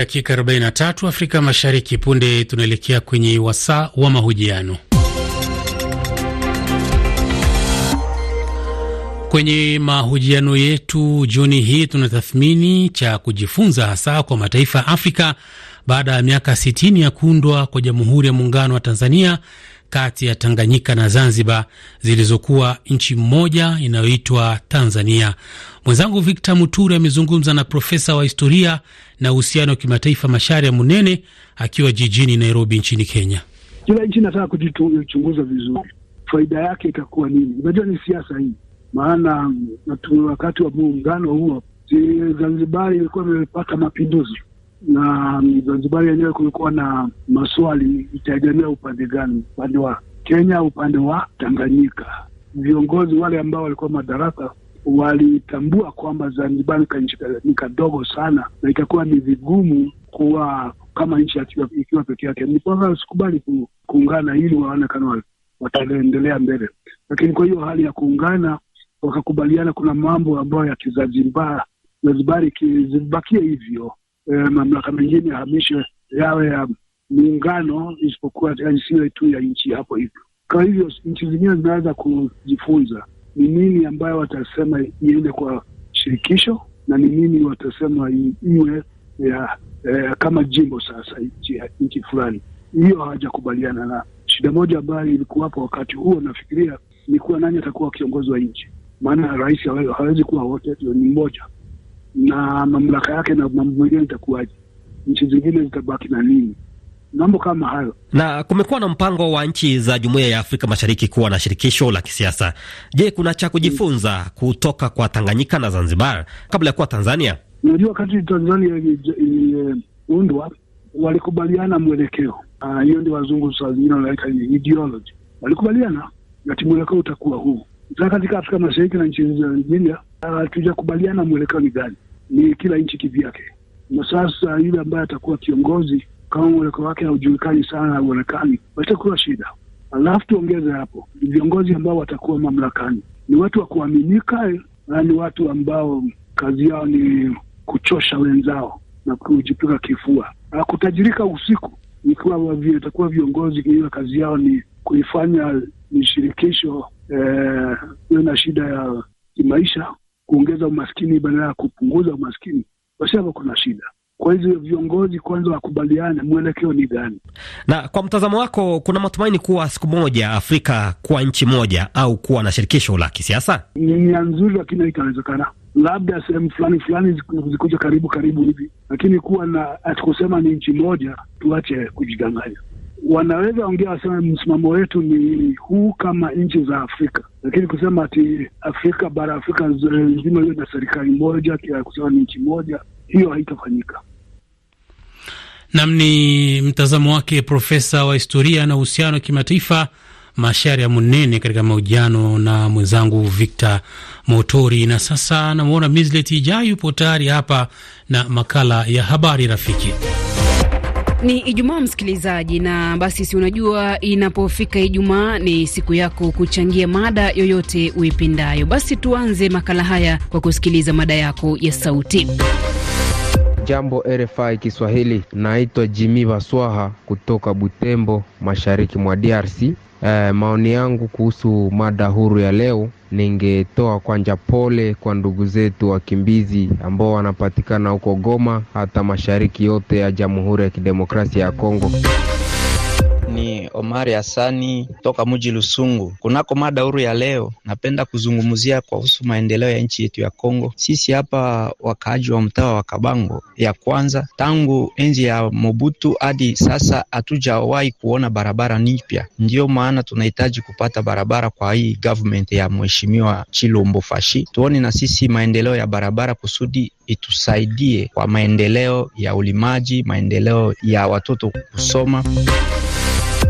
Dakika 43 Afrika Mashariki. Punde tunaelekea kwenye wasaa wa mahojiano. Kwenye mahojiano yetu jioni hii tunatathmini cha kujifunza hasa kwa mataifa ya Afrika baada ya miaka 60 ya kuundwa kwa Jamhuri ya Muungano wa Tanzania kati ya Tanganyika na Zanzibar zilizokuwa nchi moja inayoitwa Tanzania. Mwenzangu Victor Muturi amezungumza na profesa wa historia na uhusiano wa kimataifa ya Munene akiwa jijini Nairobi nchini Kenya. Kila nchi inataka kujichunguza vizuri, faida yake itakuwa nini? Unajua ni siasa hii, maana wakati wa muungano huo Zanzibar ilikuwa imepata mapinduzi na Zanzibari yenyewe kulikuwa na maswali, itaegemea upande gani, upande wa Kenya, upande wa Tanganyika. Viongozi wale ambao walikuwa madaraka walitambua kwamba Zanzibar ni kadogo sana na itakuwa ni vigumu kuwa kama nchi ikiwa peke yake. Nipoa sikubali kuungana ili waone wataendelea mbele, lakini kwa hiyo hali ya kuungana wakakubaliana, kuna mambo ambayo ya kizanzibari zibakie hivyo eh, mamlaka mengine yahamishwe yawe ya muungano, isipokuwa isiwe tu ya nchi hapo hivyo. Kwa hivyo nchi zingine zinaweza kujifunza ni nini ambayo watasema iende kwa shirikisho na ni nini watasema iwe ya, eh, kama jimbo sasa nchi fulani. Hiyo hawajakubaliana na shida moja ambayo ilikuwapo wakati huo, nafikiria ni kuwa nani atakuwa kiongozi wa nchi, maana rais hawezi kuwa wote, ni mmoja na mamlaka yake na mambo mengine itakuwaje, nchi zingine zitabaki na nini, mambo kama hayo. Na kumekuwa na mpango wa nchi za jumuiya ya Afrika Mashariki kuwa na shirikisho la kisiasa. Je, kuna cha kujifunza hmm, kutoka kwa Tanganyika na Zanzibar kabla ya kuwa Tanzania? Unajua, wakati Tanzania iliundwa walikubaliana mwelekeo, ah, hiyo uh, ndio wazungu saa zingine wanaweka ideology. Walikubaliana ati mwelekeo utakuwa huu. Sasa katika Afrika Mashariki na nchi za Nigeria ah, hatujakubaliana mwelekeo ni gani ni kila nchi kivyake, na sasa yule ambaye atakuwa kiongozi kama mweleko wake haujulikani sana, auonekani watakuwa shida. Alafu tuongeze hapo, viongozi ambao watakuwa mamlakani ni watu wa kuaminika na ni watu ambao kazi yao ni kuchosha wenzao na kujipika kifua, kutajirika usiku. Ikiwa watakuwa viongozi ila kazi yao ni kuifanya mishirikisho eh, iwe eh, na shida ya kimaisha, kuongeza umaskini badala ya kupunguza umaskini, basi kuna shida. Kwa hivyo viongozi kwanza wakubaliane mwelekeo ni gani. Na kwa mtazamo wako, kuna matumaini kuwa siku moja Afrika kuwa nchi moja au kuwa na shirikisho la kisiasa? Ni nia nzuri, lakini itawezekana labda sehemu fulani fulani zikuja karibu karibu hivi, lakini kuwa na atikusema ni nchi moja, tuache kujidanganya wanaweza ongea waseme msimamo wetu ni huu kama nchi za Afrika, lakini kusema ati Afrika bara Afrika nzima hiyo na serikali moja kia kusema ni nchi moja, hiyo haitafanyika. Nam ni mtazamo wake profesa wa historia na uhusiano wa kimataifa Mashari ya Munene katika mahojiano na mwenzangu Victor Motori. Na sasa namwona Mislet Ijai yupo tayari hapa na makala ya habari rafiki. Ni Ijumaa, msikilizaji, na basi, si unajua inapofika Ijumaa ni siku yako kuchangia mada yoyote uipendayo. Basi tuanze makala haya kwa kusikiliza mada yako ya sauti. Jambo RFI Kiswahili, naitwa Jimi Baswaha kutoka Butembo, mashariki mwa DRC. Eh, maoni yangu kuhusu mada huru ya leo, ningetoa kwanja pole kwa ndugu zetu wakimbizi ambao wanapatikana huko Goma, hata mashariki yote ya Jamhuri ya Kidemokrasia ya Kongo ni Omari Hasani toka mji Lusungu. Kunako mada huru ya leo, napenda kuzungumzia kuhusu maendeleo ya nchi yetu ya Kongo. Sisi hapa wakaaji wa mtaa wa Kabango ya kwanza, tangu enzi ya Mobutu hadi sasa hatujawahi kuona barabara nipya. Ndiyo maana tunahitaji kupata barabara kwa hii government ya mheshimiwa Chilombo Fashi, tuone na sisi maendeleo ya barabara kusudi itusaidie kwa maendeleo ya ulimaji, maendeleo ya watoto kusoma.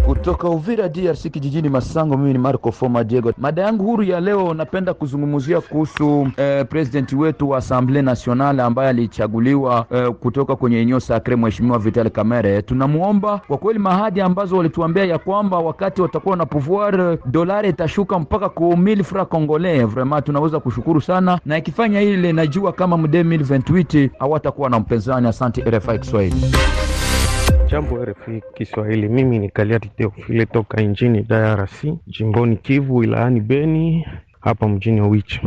Kutoka Uvira DRC kijijini Masango, mimi ni Marco Foma Diego. Mada yangu huru ya leo napenda kuzungumzia kuhusu eh, president wetu wa Assemblée Nationale ambaye alichaguliwa eh, kutoka kwenye eneo sacre mheshimiwa Vital Kamerhe. Tunamuomba kwa kweli, mahadi ambazo walituambia ya kwamba wakati watakuwa na pouvoir dolari itashuka mpaka ku mille francs congolais, vraiment tunaweza kushukuru sana, na ikifanya ile najua kama mu 2028 hawatakuwa na mpenzani Asante RFI Kiswahili. Jambo RFI Kiswahili, mimi ni Kaliati Teofile toka nchini DRC, jimboni Kivu, wilayani Beni, hapa mjini Owicha.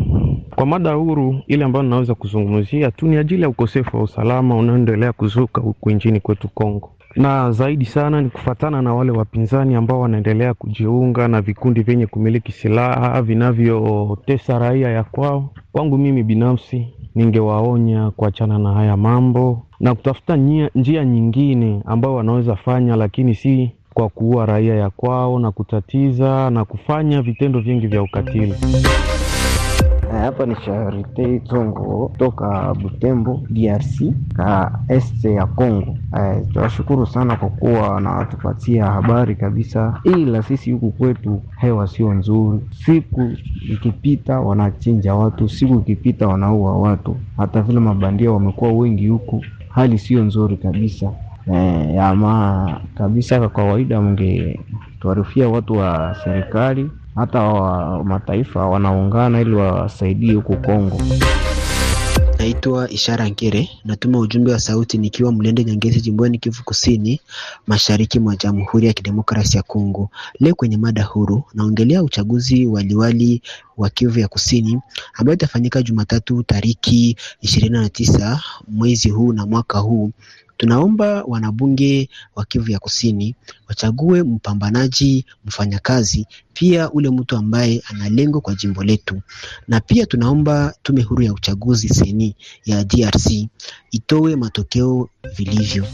Kwa mada huru ile ambayo naweza kuzungumzia tu ni ajili ya ukosefu wa usalama unaoendelea kuzuka huku nchini kwetu Kongo, na zaidi sana ni kufatana na wale wapinzani ambao wanaendelea kujiunga na vikundi vyenye kumiliki silaha vinavyotesa raia ya kwao. Kwangu mimi binafsi ningewaonya kuachana na haya mambo na kutafuta njia, njia nyingine ambayo wanaweza fanya, lakini si kwa kuua raia ya kwao na kutatiza na kufanya vitendo vingi vya ukatili. Hapa ni Charite tongo toka Butembo DRC ka este ya congo eh, Tunashukuru sana kwa kuwa wanatupatia habari kabisa, ila sisi huku kwetu hewa sio nzuri. Siku ikipita wanachinja watu, siku ikipita wanaua watu, hata vile mabandia wamekuwa wengi huku, hali sio nzuri kabisa. E, eh, ama kabisa, kwa kawaida mngetuarifia watu wa serikali hata wa mataifa wanaungana ili wasaidie huko Kongo. Naitwa Ishara Ngere, natuma ujumbe wa sauti nikiwa Mlende Nyangezi, jimboni Kivu Kusini, mashariki mwa Jamhuri ya Kidemokrasi ya Kongo. Leo kwenye mada huru naongelea uchaguzi wa liwali wa Kivu ya Kusini ambayo itafanyika Jumatatu tariki ishirini na tisa mwezi huu na mwaka huu Tunaomba wanabunge wa Kivu ya Kusini wachague mpambanaji, mfanyakazi, pia ule mtu ambaye ana lengo kwa jimbo letu, na pia tunaomba tume huru ya uchaguzi seni ya DRC itoe matokeo vilivyo.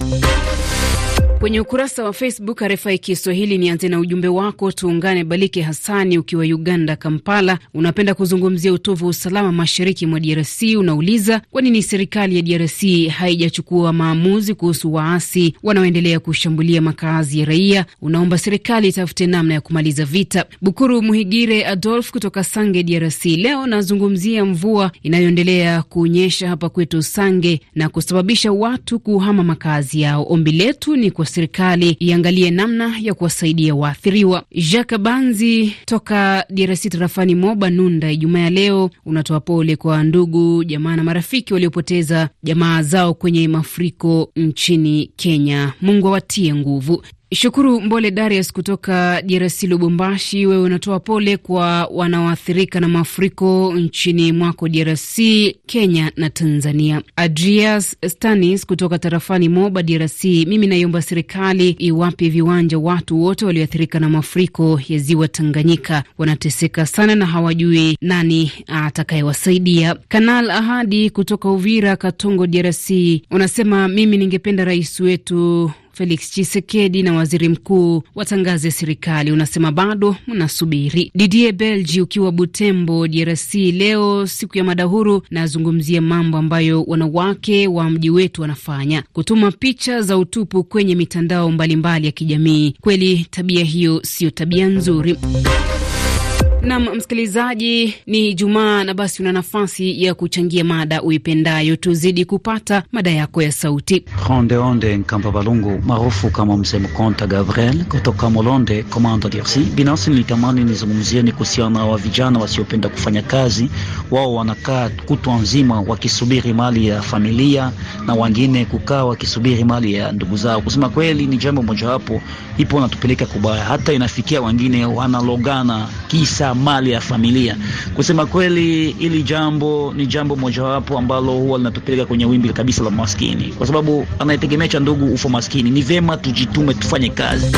Kwenye ukurasa wa Facebook RFI Kiswahili, nianze na ujumbe wako. Tuungane Balike Hasani ukiwa Uganda, Kampala. Unapenda kuzungumzia utovu wa usalama mashariki mwa DRC. Unauliza kwa nini serikali ya DRC haijachukua maamuzi kuhusu waasi wanaoendelea kushambulia makazi ya raia. Unaomba serikali itafute namna ya kumaliza vita. Bukuru Muhigire Adolf kutoka Sange, DRC. Leo nazungumzia mvua inayoendelea kunyesha hapa kwetu Sange na kusababisha watu kuhama makazi yao. Ombi letu ni kwa kwa serikali iangalie namna ya kuwasaidia waathiriwa. Jacques Banzi toka DRC tarafani Moba Nunda, Ijumaa ya leo unatoa pole kwa ndugu jamaa na marafiki waliopoteza jamaa zao kwenye mafuriko nchini Kenya. Mungu awatie nguvu. Shukuru Mbole Darius kutoka DRC Lubumbashi, wewe unatoa pole kwa wanaoathirika na mafuriko nchini mwako DRC, Kenya na Tanzania. Adrias Stanis kutoka tarafani Moba, DRC, mimi naiomba serikali iwape viwanja watu wote walioathirika na mafuriko ya ziwa Tanganyika. Wanateseka sana na hawajui nani atakayewasaidia. Kanal Ahadi kutoka Uvira, Katongo, DRC, unasema mimi ningependa rais wetu Felix Chisekedi na waziri mkuu watangaze serikali, unasema bado mnasubiri. Didier Belgi ukiwa Butembo, DRC, leo siku ya mada huru, nazungumzia mambo ambayo wanawake wa mji wetu wanafanya, kutuma picha za utupu kwenye mitandao mbalimbali mbali ya kijamii. Kweli tabia hiyo siyo tabia nzuri. Nam msikilizaji, ni Jumaa na basi una nafasi ya kuchangia mada uipendayo. Tuzidi kupata mada yako ya sauti. Onde Nkamba Balungu maarufu kama Msemkonta Gabriel kutoka Molonde Komando, DRC. Binafsi nilitamani nizungumzieni kuhusiana wa vijana wasiopenda kufanya kazi. Wao wanakaa kutwa nzima wakisubiri mali ya familia na wengine kukaa wakisubiri mali ya ndugu zao. Kusema kweli, ni jambo mojawapo ipo natupeleka kubaya, hata inafikia wengine wanalogana kisa mali ya familia. Kusema kweli, ili jambo ni jambo mojawapo ambalo huwa linatupeleka kwenye wimbi kabisa la maskini, kwa sababu anayetegemea cha ndugu ufo maskini. Ni vema tujitume, tufanye kazi.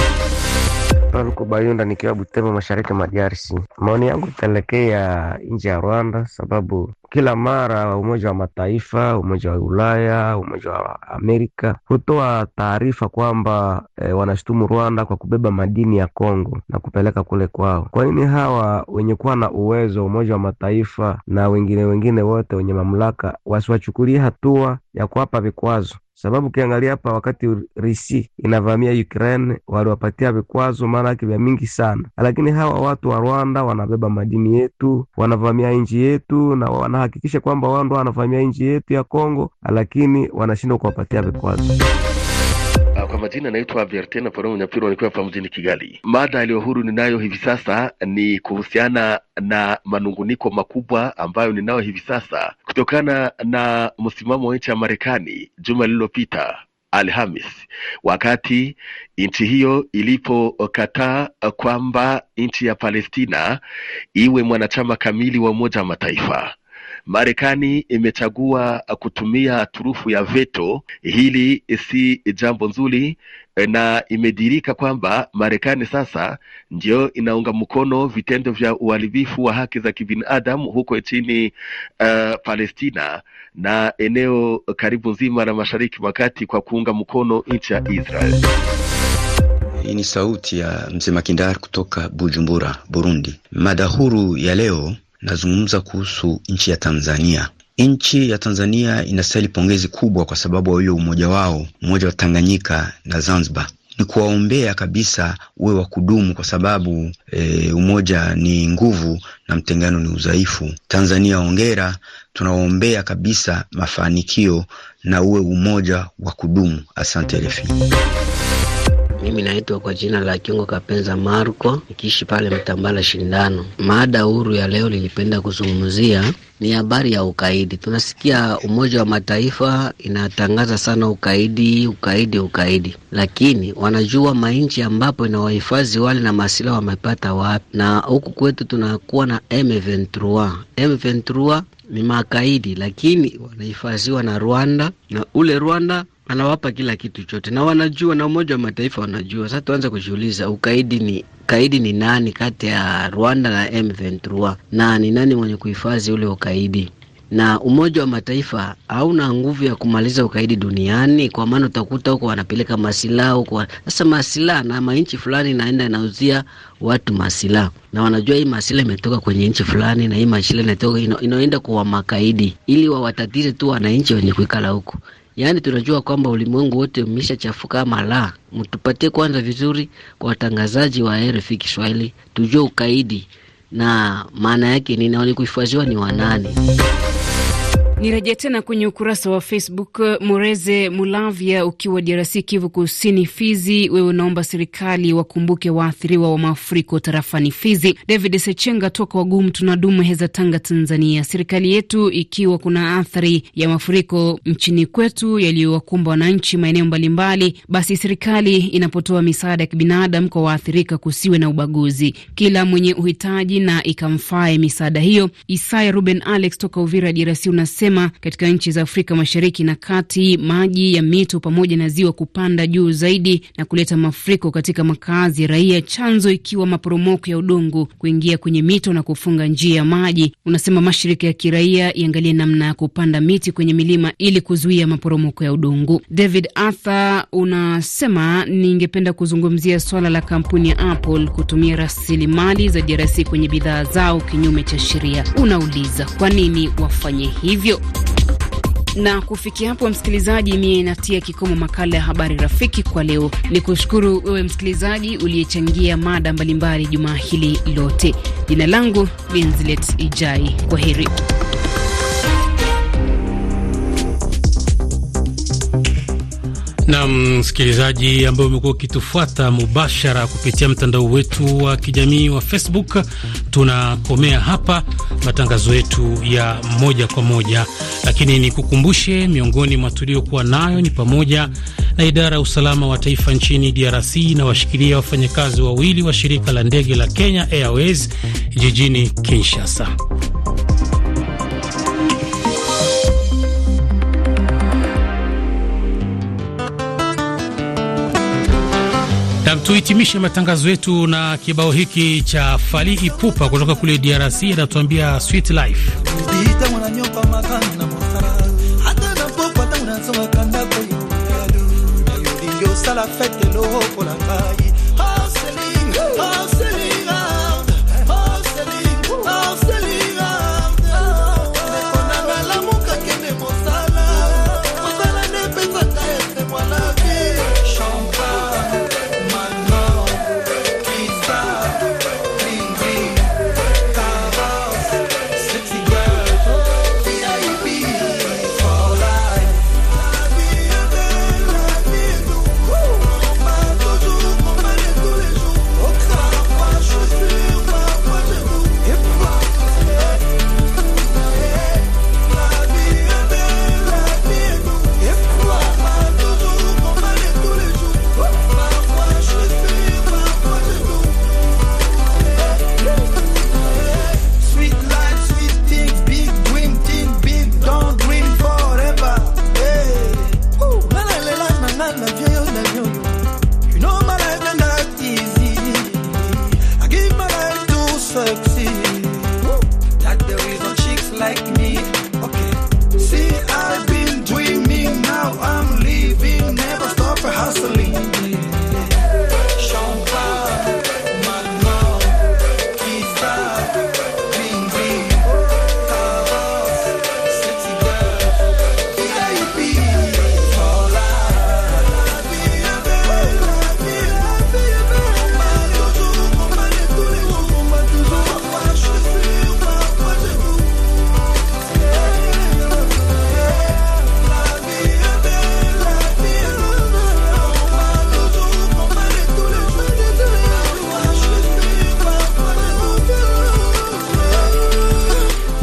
Paluku Bayunda nikiwa Butembo, mashariki mwa DRC. Maoni yangu itaelekea nje ya Rwanda, sababu kila mara Umoja wa Mataifa, Umoja wa Ulaya, Umoja wa Amerika hutoa taarifa kwamba e, wanashutumu Rwanda kwa kubeba madini ya Kongo na kupeleka kule kwao. Kwa nini hawa wenye kuwa na uwezo Umoja wa Mataifa na wengine wengine wote wenye mamlaka wasiwachukulie hatua ya kuwapa vikwazo? sababu ukiangalia hapa, wakati Risi inavamia Ukraine waliwapatia vikwazo mara yake vya mingi sana, lakini hawa watu wa Rwanda wanabeba madini yetu, wanavamia nchi yetu na wanahakikisha kwamba wao ndo wanavamia nchi yetu ya Kongo, lakini wanashindwa kuwapatia vikwazo. Kwa majina naitwa Bertin Poro Nyapiro, nikiwa hapa mjini Kigali. Mada iliyo ninayo hivi sasa ni kuhusiana na manunguniko makubwa ambayo ninayo hivi sasa kutokana na msimamo wa nchi ya Marekani juma lililopita Alhamis, wakati nchi hiyo ilipokataa kwamba nchi ya Palestina iwe mwanachama kamili wa Umoja wa Mataifa. Marekani imechagua kutumia turufu ya veto. Hili si jambo nzuri, eh, na imedirika kwamba Marekani sasa ndio inaunga mkono vitendo vya uharibifu wa haki za kibinadamu huko nchini uh, Palestina na eneo karibu nzima la Mashariki makati kwa kuunga mkono nchi ya Israel. Hii ni sauti ya mzee makindar kutoka Bujumbura, Burundi. Mada huru ya leo nazungumza kuhusu nchi ya Tanzania. Nchi ya Tanzania inastahili pongezi kubwa kwa sababu ya huyo umoja wao, umoja wa Tanganyika na Zanzibar. Ni kuwaombea kabisa uwe wa kudumu, kwa sababu e, umoja ni nguvu na mtengano ni udhaifu. Tanzania ongera, tunawaombea kabisa mafanikio na uwe umoja wa kudumu. Asante RFI. Mimi naitwa kwa jina la Kiungo Kapenza Marco, nikiishi pale Mtambala Shindano. Maada huru ya leo lilipenda kuzungumzia ni habari ya ukaidi. Tunasikia Umoja wa Mataifa inatangaza sana ukaidi, ukaidi, ukaidi, lakini wanajua mainchi ambapo ina wahifadhi wale na masila wamepata wapi? Na huku kwetu tunakuwa na M23. M23 ni makaidi, lakini wanahifadhiwa na Rwanda na ule Rwanda anawapa kila kitu chote, na wanajua, na Umoja wa Mataifa wanajua. Sasa tuanze kujiuliza ukaidi ni kaidi ni nani kati ya Rwanda na M23, na ni nani mwenye kuhifadhi ule ukaidi? Na Umoja wa Mataifa hauna nguvu ya kumaliza ukaidi duniani, kwa maana utakuta huko wanapeleka masilaha huko. Sasa masilaha na manchi fulani naenda inauzia watu masilaha, na wanajua hii masilaha imetoka kwenye nchi fulani, na hii masilaha inatoka inaenda kwa makaidi, ili wawatatize tu wananchi wenye kuikala huko. Yaani tunajua kwamba ulimwengu wote umeshachafuka mala. Mtupatie kwanza vizuri kwa watangazaji wa RFI Kiswahili, tujue ukaidi na maana yake nini, walikuhifadhiwa ni wanani? Nirejea tena kwenye ukurasa wa Facebook. Mureze Mulavya ukiwa DRC, Kivu Kusini, Fizi, wewe unaomba serikali wakumbuke waathiriwa wa mafuriko tarafani Fizi. David Sechenga toka wagumu tunadumu heza Tanga, Tanzania, serikali yetu ikiwa kuna athari ya mafuriko nchini kwetu yaliyowakumba wananchi maeneo mbalimbali, basi serikali inapotoa misaada ya kibinadamu kwa waathirika kusiwe na ubaguzi, kila mwenye uhitaji na ikamfae misaada hiyo. Isaya Ruben Alex toka Uvira DRC unasema anasema katika nchi za Afrika Mashariki na Kati maji ya mito pamoja na ziwa kupanda juu zaidi na kuleta mafuriko katika makazi ya raia, chanzo ikiwa maporomoko ya udongo kuingia kwenye mito na kufunga njia ya maji. Unasema mashirika ya kiraia iangalie namna ya kupanda miti kwenye milima ili kuzuia maporomoko ya udongo. David Arthur unasema ningependa kuzungumzia swala la kampuni ya Apple kutumia rasilimali za DRC kwenye bidhaa zao kinyume cha sheria. Unauliza kwa nini wafanye hivyo? Na kufikia hapo, msikilizaji, mie natia kikomo makala ya habari rafiki kwa leo. Ni kushukuru wewe msikilizaji uliyechangia mada mbalimbali jumaa hili lote. Jina langu Minzilet Ijai, kwa heri. Na msikilizaji ambaye umekuwa ukitufuata mubashara kupitia mtandao wetu wa kijamii wa Facebook, tunakomea hapa matangazo yetu ya moja kwa moja, lakini nikukumbushe miongoni mwa tuliokuwa nayo ni pamoja na idara ya usalama wa taifa nchini DRC na washikilia wafanyakazi wawili wa shirika la ndege la Kenya Airways jijini Kinshasa. Nam, tuhitimishe matangazo yetu na kibao hiki cha Fali Ipupa kutoka kule DRC, anatuambia sweet life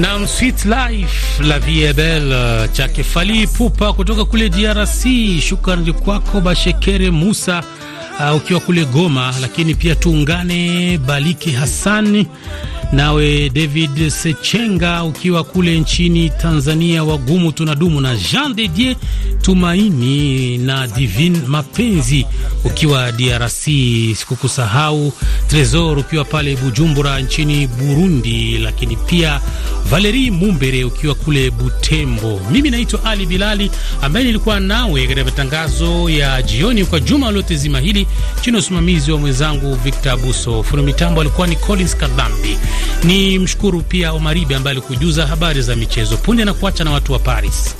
Na Sweet Life la vie belle chake Fally pupa kutoka kule DRC. Shukrani kwako Bashekere Musa uh, ukiwa kule Goma, lakini pia tuungane Baliki Hassani Nawe David Sechenga ukiwa kule nchini Tanzania, wagumu tunadumu na Jean de Dieu Tumaini na Divine Mapenzi ukiwa DRC, sikukusahau Tresor ukiwa pale Bujumbura nchini Burundi, lakini pia valeri Mumbere ukiwa kule Butembo. Mimi naitwa Ali Bilali ambaye nilikuwa nawe katika matangazo ya jioni kwa juma lote zima hili chini ya usimamizi wa mwenzangu Victor abuso Fundi mitambo alikuwa ni Collins Kadhambi. Ni mshukuru pia Omaribe ambaye alikujuza habari za michezo punde, na kuacha na watu wa Paris.